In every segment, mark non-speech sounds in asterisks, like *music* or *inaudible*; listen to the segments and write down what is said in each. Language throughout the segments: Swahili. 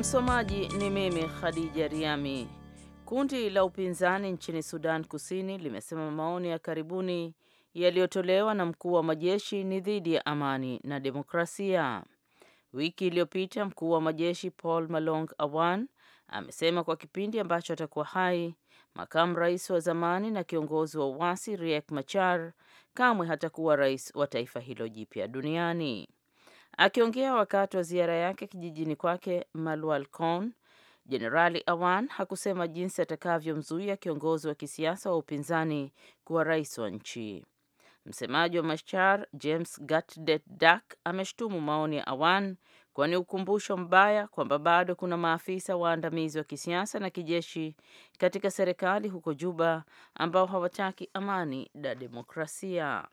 Msomaji ni mimi Khadija Riami. Kundi la upinzani nchini Sudan Kusini limesema maoni ya karibuni yaliyotolewa na mkuu wa majeshi ni dhidi ya amani na demokrasia. Wiki iliyopita mkuu wa majeshi Paul Malong Awan amesema kwa kipindi ambacho atakuwa hai, makamu rais wa zamani na kiongozi wa uasi Riek Machar kamwe hatakuwa rais wa taifa hilo jipya duniani. Akiongea wakati wa ziara yake kijijini kwake con Jenerali Awan hakusema jinsi atakavyomzuia kiongozi wa kisiasa wa upinzani kuwa rais wa nchi. Msemaji wa Mashar James Gatdet Dak ameshtumu maoni ya Awan kuwa ni ukumbusho mbaya kwamba bado kuna maafisa waandamizi wa kisiasa na kijeshi katika serikali huko Juba ambao hawataki amani na demokrasia.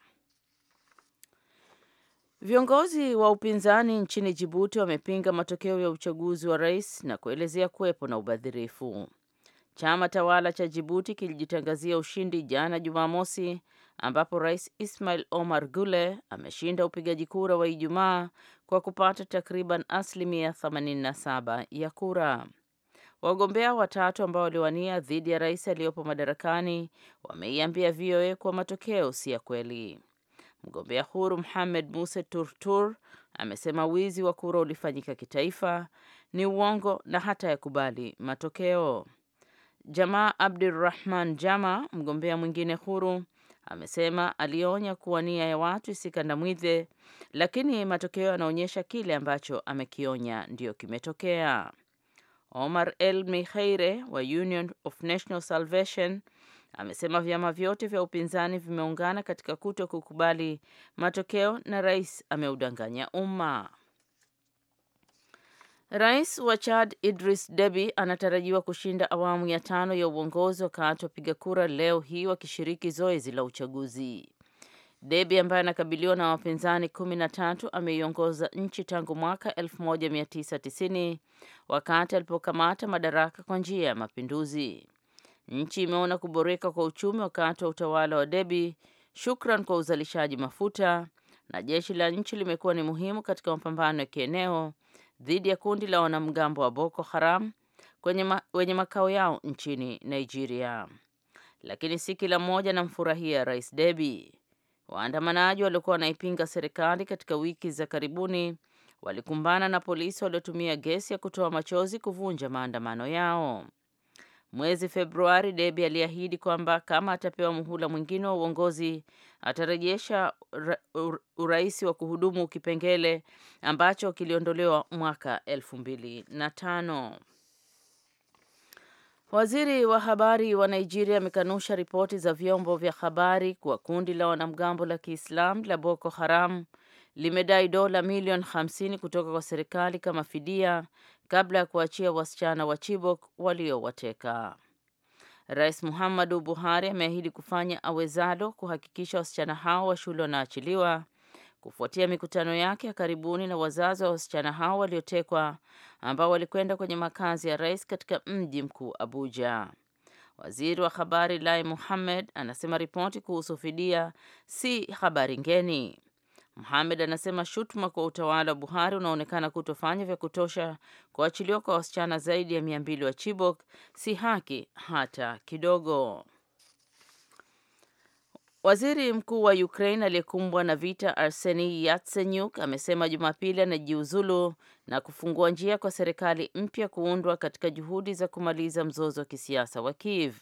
Viongozi wa upinzani nchini Jibuti wamepinga matokeo ya uchaguzi wa rais na kuelezea kuwepo na ubadhirifu. Chama tawala cha Jibuti kilijitangazia ushindi jana Jumamosi, ambapo rais Ismail Omar Gule ameshinda upigaji kura wa Ijumaa kwa kupata takriban asilimia 87 ya kura. Wagombea watatu ambao waliwania dhidi ya rais aliyopo madarakani wameiambia VOA kuwa matokeo si ya kweli. Mgombea huru Mohamed Muse Turtur amesema wizi wa kura ulifanyika kitaifa, ni uongo na hata yakubali matokeo. Jamaa Abdurrahman Jama, mgombea mwingine huru, amesema alionya kuwa nia ya watu isikandamizwe, lakini matokeo yanaonyesha kile ambacho amekionya ndiyo kimetokea. Omar El Mihaire wa Union of National Salvation amesema vyama vyote vya upinzani vimeungana katika kuto kukubali matokeo na rais ameudanganya umma. Rais wa Chad Idris Deby anatarajiwa kushinda awamu ya tano ya uongozi wakati wapiga kura leo hii wakishiriki zoezi la uchaguzi. Deby ambaye anakabiliwa na wapinzani kumi na tatu ameiongoza nchi tangu mwaka 1990 wakati alipokamata madaraka kwa njia ya mapinduzi. Nchi imeona kuboreka kwa uchumi wakati wa utawala wa debi shukran kwa uzalishaji mafuta, na jeshi la nchi limekuwa ni muhimu katika mapambano ya kieneo dhidi ya kundi la wanamgambo wa Boko Haram ma, wenye makao yao nchini Nigeria. Lakini si kila mmoja anamfurahia Rais debi Waandamanaji waliokuwa wanaipinga serikali katika wiki za karibuni walikumbana na polisi waliotumia gesi ya kutoa machozi kuvunja maandamano yao. Mwezi Februari, debi aliahidi kwamba kama atapewa muhula mwingine wa uongozi atarejesha urais wa kuhudumu, kipengele ambacho kiliondolewa mwaka elfu mbili na tano. Waziri wa habari wa Nigeria amekanusha ripoti za vyombo vya habari kuwa kundi la wanamgambo la Kiislamu la Boko Haram limedai dola milioni 50 kutoka kwa serikali kama fidia kabla ya kuachia wasichana wa Chibok waliowateka. Rais Muhammadu Buhari ameahidi kufanya awezalo kuhakikisha wasichana hao wa shule wanaachiliwa kufuatia mikutano yake ya karibuni na wazazi wa wasichana hao waliotekwa ambao walikwenda kwenye makazi ya rais katika mji mkuu Abuja. Waziri wa habari Lai Mohammed anasema ripoti kuhusu fidia si habari ngeni muhamed anasema shutuma kwa utawala wa Buhari unaonekana kutofanya vya kutosha kuachiliwa kwa wasichana zaidi ya mia mbili wa Chibok si haki hata kidogo. Waziri Mkuu wa Ukraine aliyekumbwa na vita arseni Yatsenyuk amesema Jumapili anajiuzulu na kufungua njia kwa serikali mpya kuundwa katika juhudi za kumaliza mzozo wa kisiasa wa Kiev.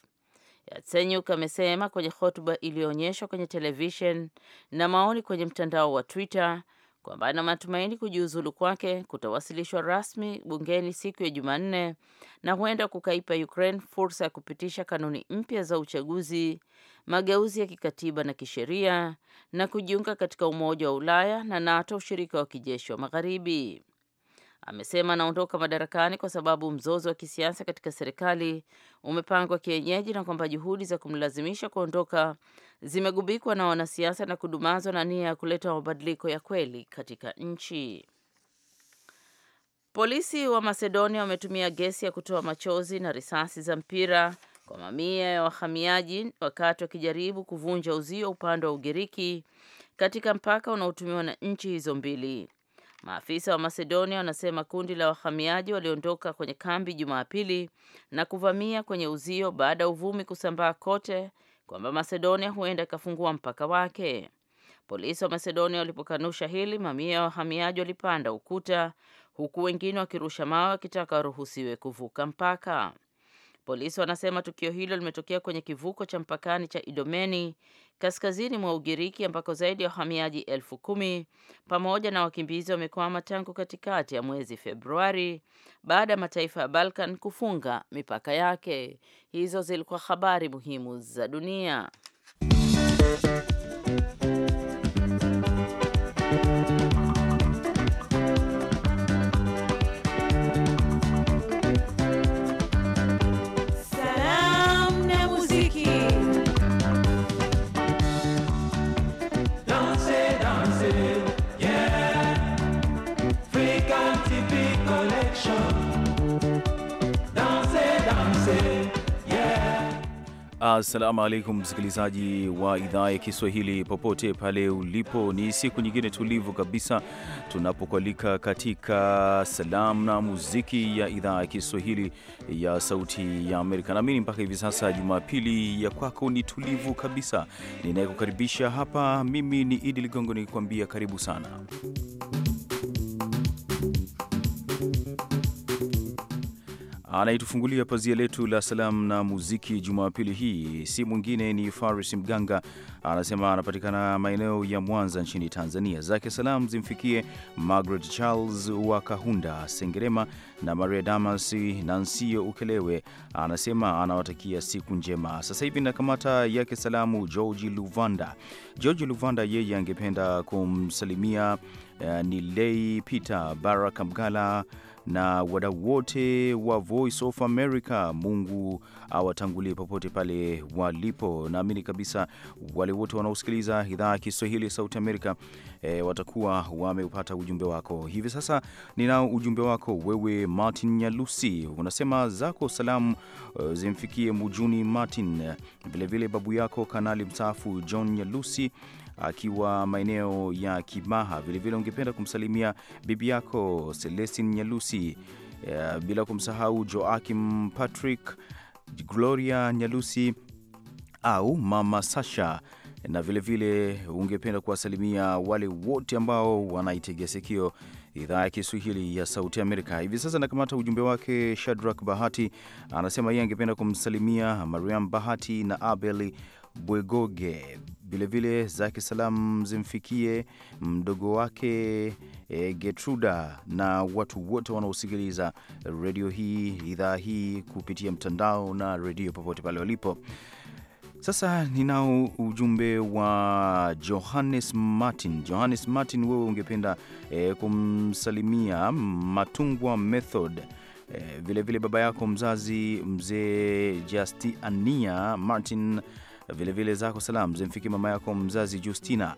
Yatsenyuk amesema kwenye hotuba iliyoonyeshwa kwenye televishen na maoni kwenye mtandao wa Twitter kwamba ana matumaini kujiuzulu kwake kutawasilishwa rasmi bungeni siku ya Jumanne na huenda kukaipa Ukraine fursa ya kupitisha kanuni mpya za uchaguzi, mageuzi ya kikatiba na kisheria na kujiunga katika Umoja wa Ulaya na NATO, ushirika wa kijeshi wa Magharibi amesema anaondoka madarakani kwa sababu mzozo wa kisiasa katika serikali umepangwa kienyeji na kwamba juhudi za kumlazimisha kuondoka zimegubikwa na wanasiasa na kudumazwa na nia ya kuleta mabadiliko ya kweli katika nchi. Polisi wa Macedonia wametumia gesi ya kutoa machozi na risasi za mpira kwa mamia ya wahamiaji wakati wakijaribu kuvunja uzio upande wa Ugiriki katika mpaka unaotumiwa na nchi hizo mbili. Maafisa wa Macedonia wanasema kundi la wahamiaji waliondoka kwenye kambi Jumapili na kuvamia kwenye uzio baada ya uvumi kusambaa kote kwamba Macedonia huenda ikafungua mpaka wake. Polisi wa Macedonia walipokanusha hili, mamia ya wahamiaji walipanda ukuta, huku wengine wakirusha mawe wakitaka waruhusiwe kuvuka mpaka. Polisi wanasema tukio hilo limetokea kwenye kivuko cha mpakani cha Idomeni kaskazini mwa Ugiriki ambako zaidi ya wahamiaji elfu kumi pamoja na wakimbizi wamekwama tangu katikati ya mwezi Februari baada ya mataifa ya Balkan kufunga mipaka yake. Hizo zilikuwa habari muhimu za dunia. Assalamu alaikum, msikilizaji wa idhaa ya Kiswahili popote pale ulipo, ni siku nyingine tulivu kabisa tunapokualika katika salamu na muziki ya idhaa ya Kiswahili ya Sauti ya Amerika. Naamini mpaka hivi sasa Jumapili ya kwako ni tulivu kabisa. Ninayekukaribisha hapa mimi ni Idi Ligongo nikikuambia karibu sana. anayetufungulia pazia letu la salamu na muziki Jumapili hii si mwingine ni Faris Mganga. Anasema anapatikana maeneo ya Mwanza nchini Tanzania. Zake salamu zimfikie Margaret Charles wa Kahunda Sengerema na Maria Damas Nansio Ukelewe. Anasema anawatakia siku njema. Sasa hivi nakamata yake salamu Georgi Luvanda. Georgi Luvanda yeye angependa kumsalimia Uh, ni Lei Peter Baraka Mgala na wadau wote wa Voice of America. Mungu awatangulie popote pale walipo. Naamini kabisa wale wote wanaosikiliza idhaa ya Kiswahili ya Sauti Amerika e, eh, watakuwa wameupata ujumbe wako. Hivi sasa ninao ujumbe wako wewe, Martin Nyalusi, unasema zako salamu eh, zimfikie Mujuni Martin, vilevile babu yako Kanali mstaafu John Nyalusi akiwa maeneo ya Kimaha. Vilevile ungependa kumsalimia bibi yako Celestin Nyalusi, eh, bila kumsahau Joakim Patrick, Gloria Nyalusi au mama Sasha na vilevile vile ungependa kuwasalimia wale wote ambao wanaitegea sikio idhaa ya Kiswahili ya Sauti Amerika. Hivi sasa nakamata ujumbe wake. Shadrack Bahati anasema yeye angependa kumsalimia Mariam Bahati na Abel Bwegoge vilevile zake salamu zimfikie mdogo wake e, Getruda na watu wote wanaosikiliza redio hii idhaa hii kupitia mtandao na redio popote pale walipo. Sasa ninao ujumbe wa Johannes Martin. Johannes Martin, wewe ungependa e, kumsalimia Matungwa Method vilevile vile baba yako mzazi mzee Justiania Martin vilevile zako salam zimfiki mama yako mzazi Justina,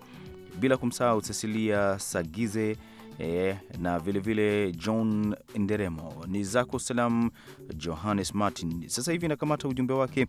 bila kumsahau Cecilia Sagize eh, na vilevile vile John Nderemo ni zako salam. Johannes Martin sasa hivi nakamata ujumbe wake,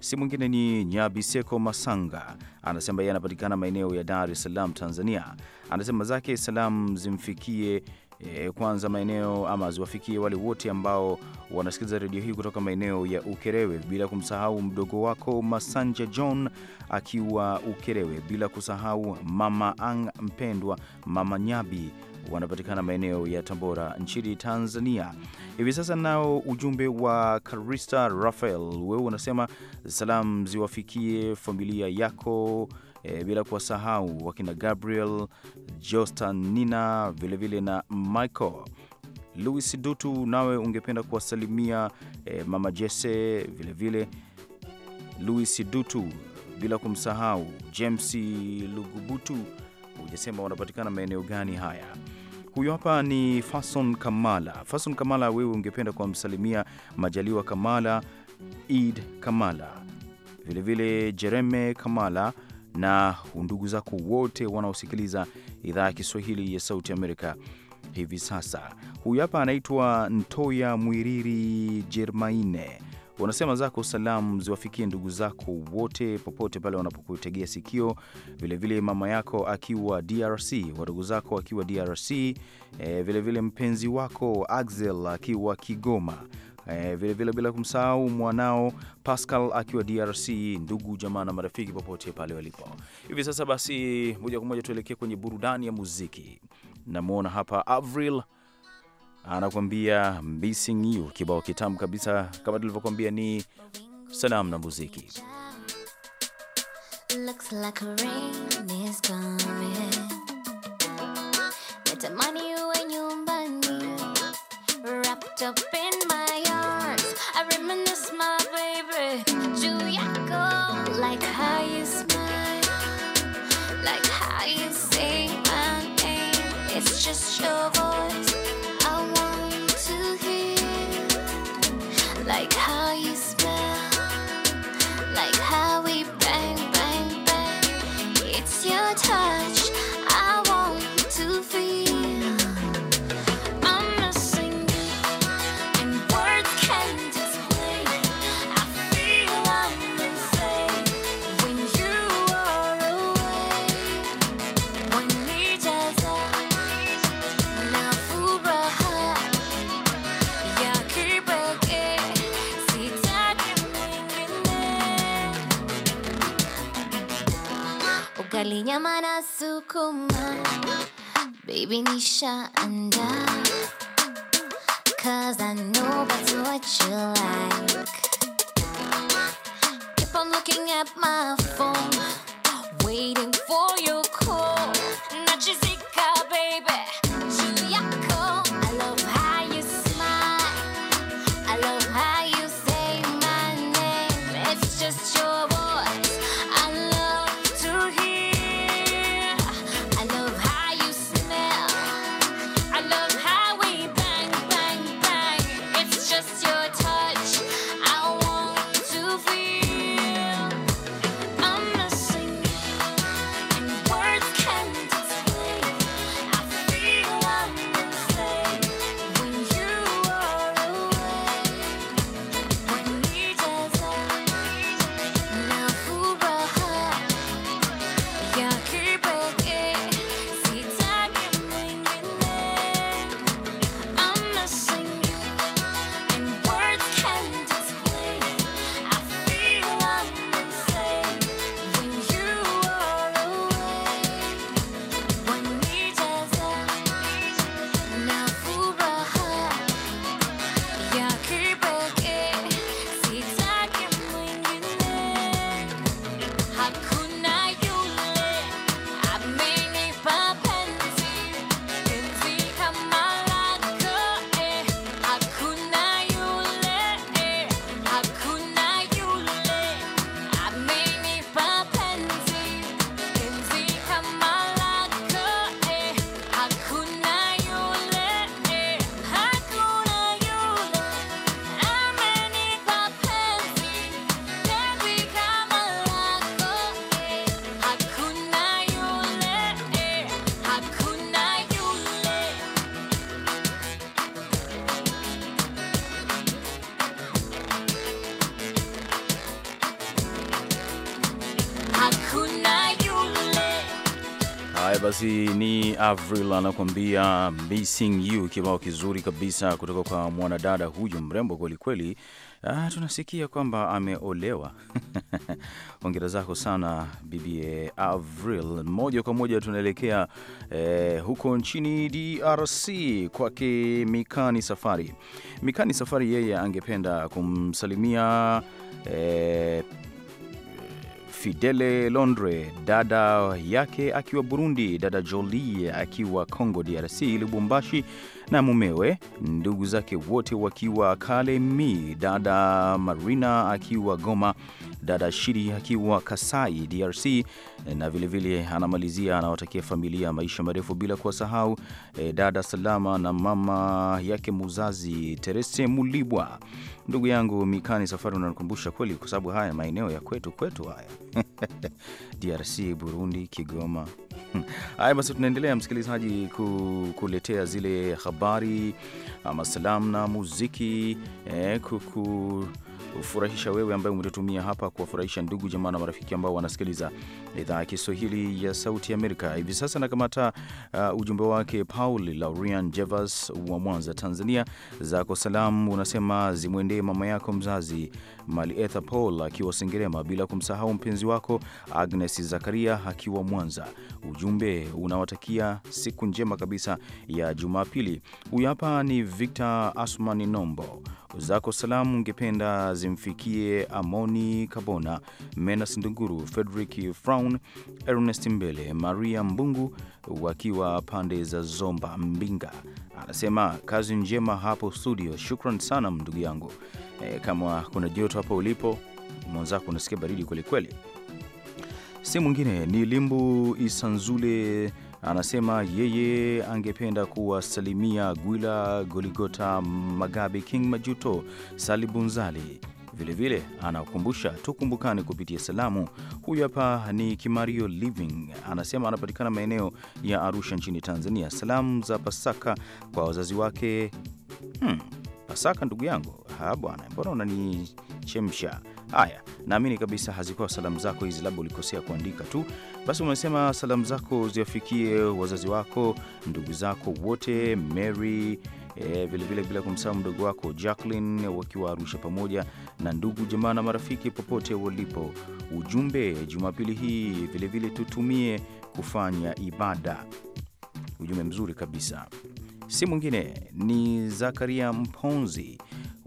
si mwingine ni Nyabiseko Masanga, anasema yeye anapatikana maeneo ya Dar es Salaam, Tanzania. Anasema zake salam zimfikie e, kwanza maeneo ama ziwafikie wale wote ambao wanasikiliza redio hii kutoka maeneo ya Ukerewe, bila kumsahau mdogo wako Masanja John akiwa Ukerewe, bila kusahau mama ang mpendwa mama Nyabi wanapatikana maeneo ya Tabora nchini Tanzania. Hivi sasa nao ujumbe wa Karista Rafael, wewe unasema salamu ziwafikie familia yako e, bila kuwasahau wakina Gabriel Nina vilevile na Michael Louis Dutu. Nawe ungependa kuwasalimia e, mama Jesse, vilevile Louis Dutu, bila kumsahau James Lugubutu. Hujasema wanapatikana maeneo gani haya. Huyu hapa ni Fason Kamala. Fason Kamala, wewe ungependa kuwamsalimia Majaliwa Kamala, Eid Kamala, vilevile Jereme Kamala na ndugu zako wote wanaosikiliza idhaa ya Kiswahili ya Sauti Amerika hivi sasa. Huyu hapa anaitwa Ntoya Mwiriri Jermaine, wanasema zako salamu ziwafikie ndugu zako wote popote pale wanapokutegea sikio, vilevile vile mama yako akiwa DRC, wadogo zako akiwa DRC, eh, vilevile vile mpenzi wako Axel akiwa Kigoma vilevile eh, vile bila kumsahau mwanao Pascal akiwa DRC, ndugu jamaa na marafiki popote pale walipo hivi sasa. Basi moja kwa moja tuelekee kwenye burudani ya muziki. Namwona hapa Avril anakuambia missing you, kibao kitamu kabisa. Kama tulivyokuambia ni sanamu na muziki. Looks like rain is coming. Natamani uwe nyumbani, wrapped up in my I reminisce my baby. Julia, like how you smile, like how you say my name. It's just your voice. Namana Sukuma Baby Nisha and I Cause I know that's what you like Keep on looking at my phone Waiting for your call Not just basi ni Avril anakuambia missing you, kibao kizuri kabisa kutoka kwa mwanadada huyu mrembo kwelikweli. Ah, tunasikia kwamba ameolewa *laughs* hongera zako sana bibi Avril. Moja kwa moja tunaelekea eh, huko nchini DRC kwake Mikani Safari. Mikani Safari yeye angependa kumsalimia eh, Fidele Londre, dada yake akiwa Burundi, dada Jolie akiwa Congo DRC, Lubumbashi, na mumewe, ndugu zake wote wakiwa mi dada Marina akiwa Goma, dada Shiri akiwa Kasai, DRC, na vilevile vile anamalizia anawatakia familia maisha marefu bila kuwasahau e, dada Salama na mama yake muzazi Terese Mulibwa. Ndugu yangu Mikani Safari, unanikumbusha kweli, kwa sababu haya maeneo ya kwetu kwetu haya *laughs* DRC, Burundi, Kigoma. *laughs* Haya basi, tunaendelea msikilizaji kukuletea zile habari ama salamu na muziki eh, kuku kufurahisha wewe ambaye umetutumia hapa, kuwafurahisha ndugu jamaa na marafiki ambao wanasikiliza idhaa ya Kiswahili ya Sauti Amerika hivi sasa. Nakamata uh, ujumbe wake Paul Laurian Jevas wa Mwanza, Tanzania. Zako salamu unasema zimwendee mama yako mzazi Malietha Paul akiwa Sengerema, bila kumsahau mpenzi wako Agnes Zakaria akiwa Mwanza. Ujumbe unawatakia siku njema kabisa ya Jumapili. Huyu hapa ni Victor Asmani Nombo zako salamu ungependa zimfikie Amoni Kabona, Menas Ndunguru, Frederick Fraun, Ernest Mbele, Maria Mbungu wakiwa pande za Zomba Mbinga. Anasema kazi njema hapo studio. Shukran sana ndugu yangu. E, kama kuna joto hapo ulipo mwenzako, unasikia baridi kwelikweli. Si mwingine ni Limbu Isanzule anasema yeye angependa kuwasalimia Gwila Goligota, Magabe, King Majuto, Salibunzali. Vilevile anakumbusha tukumbukane kupitia salamu. Huyu hapa ni Kimario Living, anasema anapatikana maeneo ya Arusha nchini Tanzania. Salamu za Pasaka kwa wazazi wake. Hmm, Pasaka ndugu yangu, ha bwana, mbona unanichemsha? Haya, naamini kabisa hazikuwa salamu zako hizi, labda ulikosea kuandika tu. Basi umesema salamu zako ziwafikie wazazi wako, ndugu zako wote, Mary vilevile eh, bila kumsahau mdogo wako Jacqueline wakiwa Arusha, pamoja na ndugu jamaa na marafiki popote walipo. Ujumbe Jumapili hii vilevile vile tutumie kufanya ibada. Ujumbe mzuri kabisa, si mwingine ni Zakaria Mponzi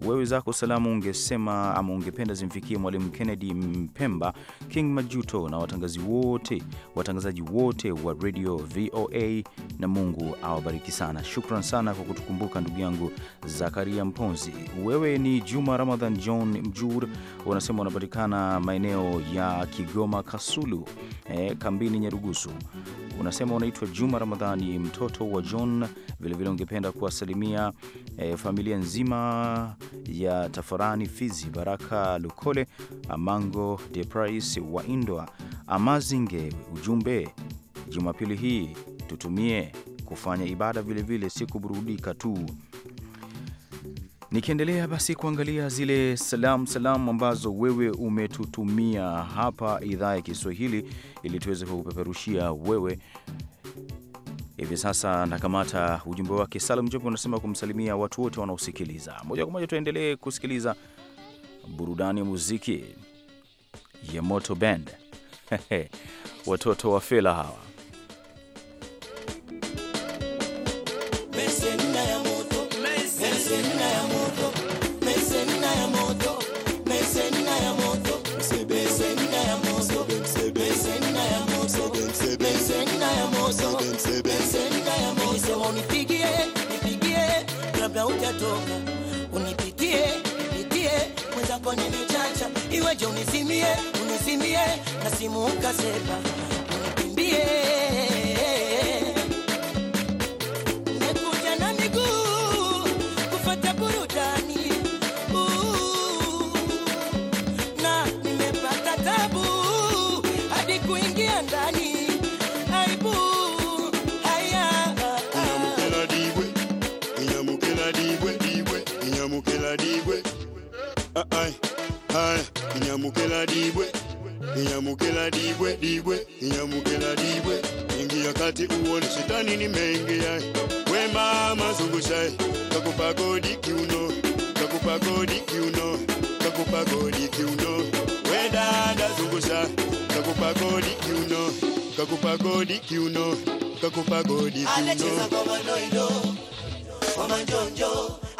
wewe zako salamu ungesema ama ungependa zimfikie Mwalimu Kennedy Mpemba, King Majuto na watangazi wote watangazaji wote wa Radio VOA, na Mungu awabariki sana. Shukran sana kwa kutukumbuka ndugu yangu Zakaria Mponzi. Wewe ni Juma Ramadhan John Mjur, unasema unapatikana maeneo ya Kigoma Kasulu, eh, kambini Nyarugusu. Unasema unaitwa Juma Ramadhani, mtoto wa John. Vilevile ungependa kuwasalimia eh, familia nzima ya Tafarani Fizi, Baraka Lukole, Amango de Price wa Indoa, Amazinge. Ujumbe Jumapili hii tutumie kufanya ibada vilevile, si kuburudika tu. Nikiendelea basi kuangalia zile salamu salamu ambazo wewe umetutumia hapa idhaa ya Kiswahili ili tuweze kukupeperushia wewe hivi sasa nakamata ujumbe wake. Salum Jombe unasema kumsalimia watu wote wanaosikiliza moja kwa moja. Tuendelee kusikiliza burudani ya muziki ya Moto Band *laughs* watoto wa Fela hawa kabla hujatoka unipitie nipitie mwenzako nini chacha iweje unizimie unizimie na simu ukasepa unipimbie Ah, inyamukela digwe ai ai inyamukela digwe inyamukela digwe digwe inyamukela digwe ingia kati uone shetani ni mengi ai wemba mazugushai kakupa kodi kiuno kakupa kodi kiuno kakupa kodi kiuno wedada zungusha kakupa kodi kiuno kakupa kodi kiuno kakupa kodi kiuno anacheza kwa mandoido kwa manjonjo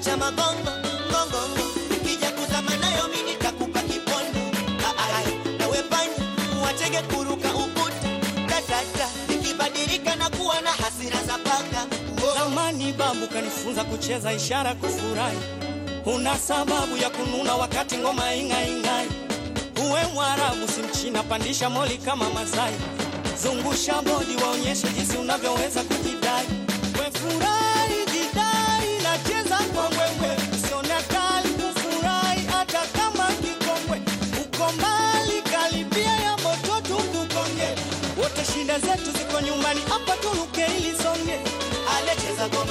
acha magongo watege kuruka tatata na kuwa na hasira za zamani babu kanifunza kucheza ishara kufurahi huna sababu ya kununa wakati ngoma ing'aing'ai uwe mwarabu si mchina pandisha moli kama masai zungusha bodi waonyeshe jinsi unavyoweza kujidai Shida zetu ziko nyumbani, hapa turuke ili songe. Alecheza kwa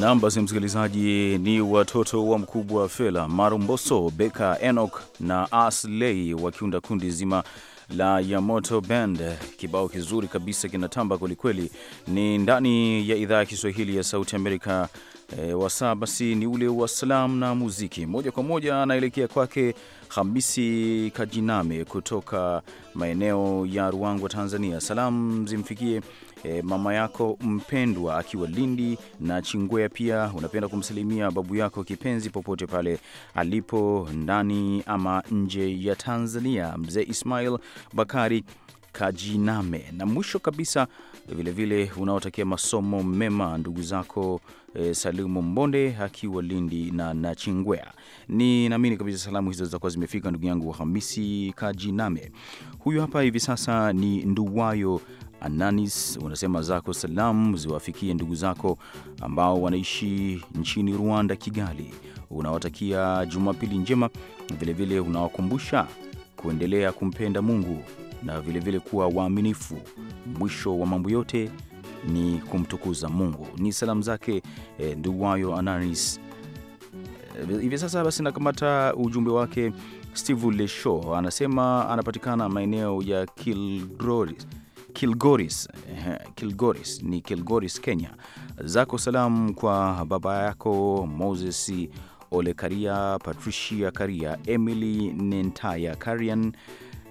Nam, basi msikilizaji, ni watoto wa mkubwa Fela Marumboso, Beka Enok na Asley wakiunda kundi zima la Yamoto Band. Kibao kizuri kabisa kinatamba kwelikweli, ni ndani ya idhaa ya Kiswahili ya Sauti Amerika. E, wasaa basi ni ule wa salamu na muziki. Moja kwa moja anaelekea kwake Hamisi Kajiname kutoka maeneo ya Ruangwa, Tanzania. Salamu zimfikie e, mama yako mpendwa akiwa Lindi na Chingwea. Pia unapenda kumsalimia babu yako kipenzi popote pale alipo ndani ama nje ya Tanzania, mzee Ismail Bakari Kajiname. Na mwisho kabisa vilevile unaotakia masomo mema ndugu zako e, eh, Salimu Mbonde akiwa Lindi na Nachingwea. Ni naamini kabisa salamu hizo zitakuwa zimefika ndugu yangu Hamisi Kajiname. Huyu hapa hivi sasa ni Nduwayo Ananis, unasema zako salamu ziwafikie ndugu zako ambao wanaishi nchini Rwanda, Kigali. Unawatakia Jumapili njema, vilevile unawakumbusha kuendelea kumpenda Mungu na vilevile vile kuwa waaminifu. Mwisho wa mambo yote ni kumtukuza Mungu. Ni salamu zake e, Nduwayo Ananis. Eh, hivi e, sasa basi nakamata ujumbe wake Steve Lesho anasema anapatikana maeneo ya Kilgoris, Kilgoris, Kilgoris ni Kilgoris, Kenya. Zako salamu kwa baba yako Moses Ole Karia, Patricia Karia, Emily Nentaya Karian,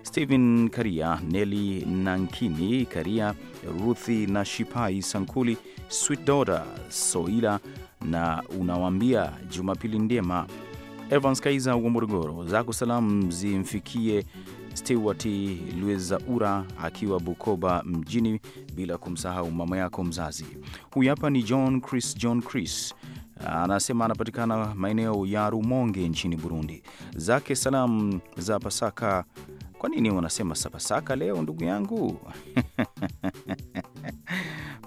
Stephen Karia, Neli Nankini Karia, Ruthi na Shipai Sankuli, Sweet Daughter Soila, na unawambia Jumapili njema. Evans Kaiza wa Morogoro, zako salamu zimfikie Stewart Ura akiwa Bukoba mjini, bila kumsahau mama yako mzazi. Huyu hapa ni John Chris. John Chris anasema anapatikana maeneo ya Rumonge nchini Burundi. Zake salamu za Pasaka. Kwa nini wanasema sa Pasaka leo ndugu yangu? *laughs*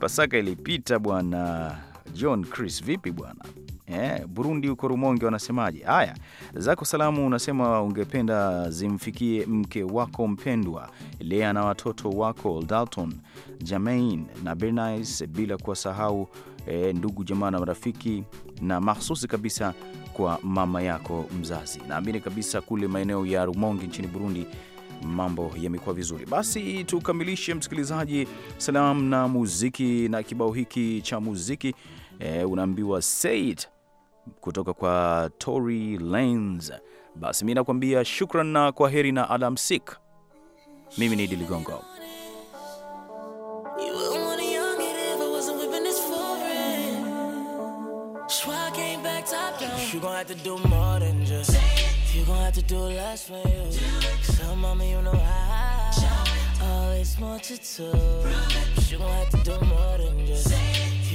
Pasaka ilipita bwana John Chris, vipi bwana? eh, Burundi huko Rumonge wanasemaje? Haya, zako salamu unasema ungependa zimfikie mke wako mpendwa Lea na watoto wako Dalton, Jamain na Bernice, bila kuwasahau eh, ndugu jamaa na marafiki, na mahsusi kabisa kwa mama yako mzazi. Naamini kabisa kule maeneo ya Rumonge nchini Burundi mambo yamekuwa vizuri. Basi tukamilishe msikilizaji, salamu na muziki na kibao hiki cha muziki e, unaambiwa say it kutoka kwa Tory Lanez. Basi mi nakuambia shukran na kwa heri na alamsik. Mimi ni Idi Ligongo.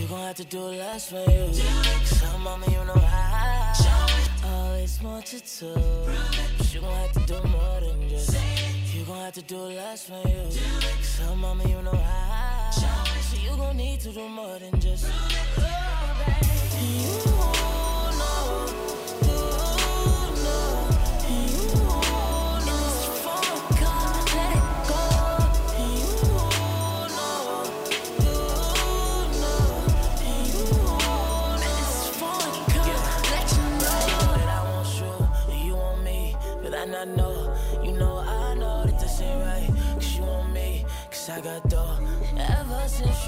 You gon' have to do less for you. So, mommy, you know how. Always wanted to. But you gon' have to do more than just. You gon' have to do less for you. So, mommy, you know how. So, you gon' need to do more than just. Oh, baby. You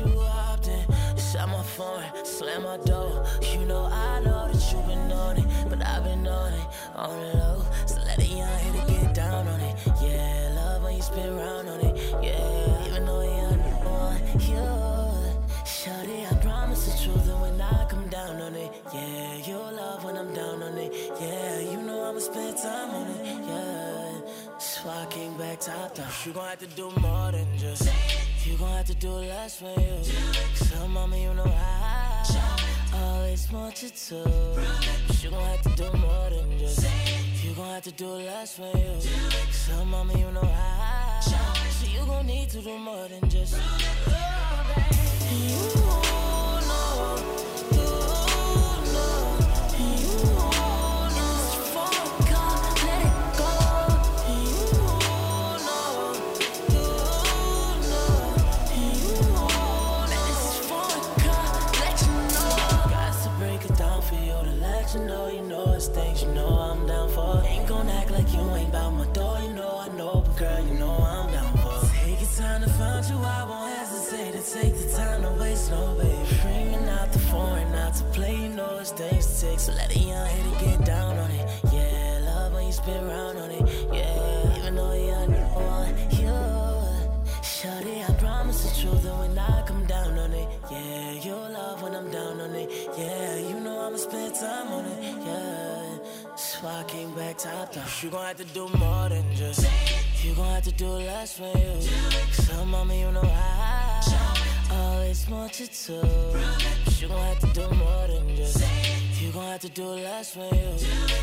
you hopped in. It's my phone, slam my door. You know I know that you been on it, but I've been on it on low. So let it young hit to get down on it. Yeah, love when you spin round on it. Yeah, even though you're the one, you. Shorty, I promise the truth, and when I come down on it, yeah, you love when I'm down on it. Yeah, you know I'ma spend time on it. Yeah, so I came back top down. You gon' have to do more than just. You gon' have to do less for you. So, mama, you know I always want you to. But you gon' have to do more than just. You gon' have to do less for you. So, mama, you know I. So, you gon' need to do more than just. Oh, you. like you ain't bout my door, you know I know, but girl, you know I'm down for it. Take your time to find you, I won't hesitate to take the time to waste, no baby. Bringing out the foreign, not to play, you know it's things to take, so let a young hater get down on it. Yeah, love when you spin round on it. Yeah, even though you know on you. Shorty, I promise the truth, and when I come down on it, yeah, you'll love when I'm down on it. Yeah, you know I'ma spend time on it. Yeah why back top down. You gon' have to do more than just. You gon' have to do less for you. So, mama, you know I always want you to. You gon' have to do more than just. You gon' have to do less for you.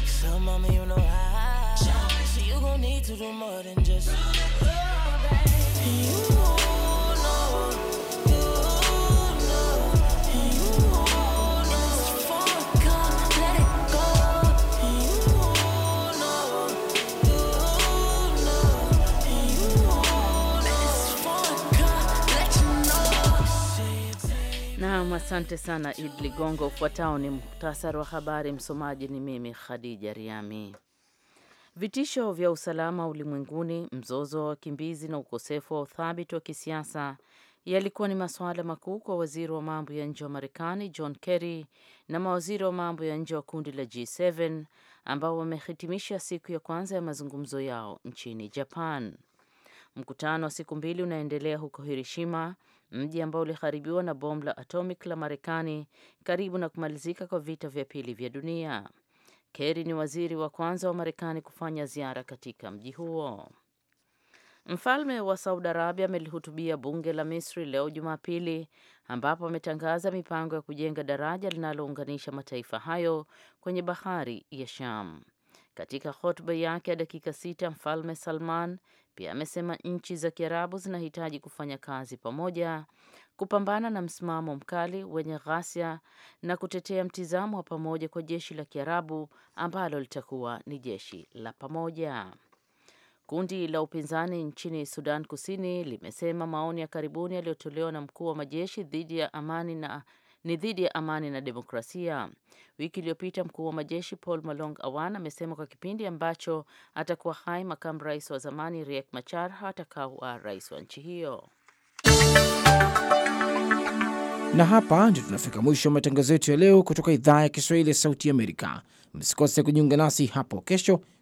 So, mama, you know I. So, you gon' need to do more than just. Oh, baby. You. Nam, asante sana Id Ligongo. Ufuatao ni muhtasari wa habari. Msomaji ni mimi Khadija Riami. Vitisho vya usalama ulimwenguni, mzozo wa wakimbizi na ukosefu wa uthabiti wa kisiasa yalikuwa ni masuala makuu kwa waziri wa mambo ya nje wa Marekani John Kerry na mawaziri wa mambo ya nje wa kundi la G7 ambao wamehitimisha siku ya kwanza ya mazungumzo yao nchini Japan. Mkutano wa siku mbili unaendelea huko Hiroshima, mji ambao uliharibiwa na bomu la atomic la Marekani karibu na kumalizika kwa vita vya pili vya dunia. Kerry ni waziri wa kwanza wa Marekani kufanya ziara katika mji huo. Mfalme wa Saudi Arabia amelihutubia bunge la Misri leo Jumapili, ambapo ametangaza mipango ya kujenga daraja linalounganisha mataifa hayo kwenye bahari ya Sham. Katika hotuba yake ya dakika sita, Mfalme Salman pia amesema nchi za Kiarabu zinahitaji kufanya kazi pamoja kupambana na msimamo mkali wenye ghasia na kutetea mtizamo wa pamoja kwa jeshi la Kiarabu ambalo litakuwa ni jeshi la pamoja. Kundi la upinzani nchini Sudan Kusini limesema maoni ya karibuni yaliyotolewa na mkuu wa majeshi dhidi ya amani na ni dhidi ya amani na demokrasia. Wiki iliyopita mkuu wa majeshi Paul Malong Awan amesema kwa kipindi ambacho atakuwa hai, makamu rais wa zamani Riek Machar hatakawa rais wa nchi hiyo. Na hapa ndio tunafika mwisho wa matangazo yetu ya leo kutoka idhaa ya Kiswahili ya Sauti Amerika. Msikose kujiunga nasi hapo kesho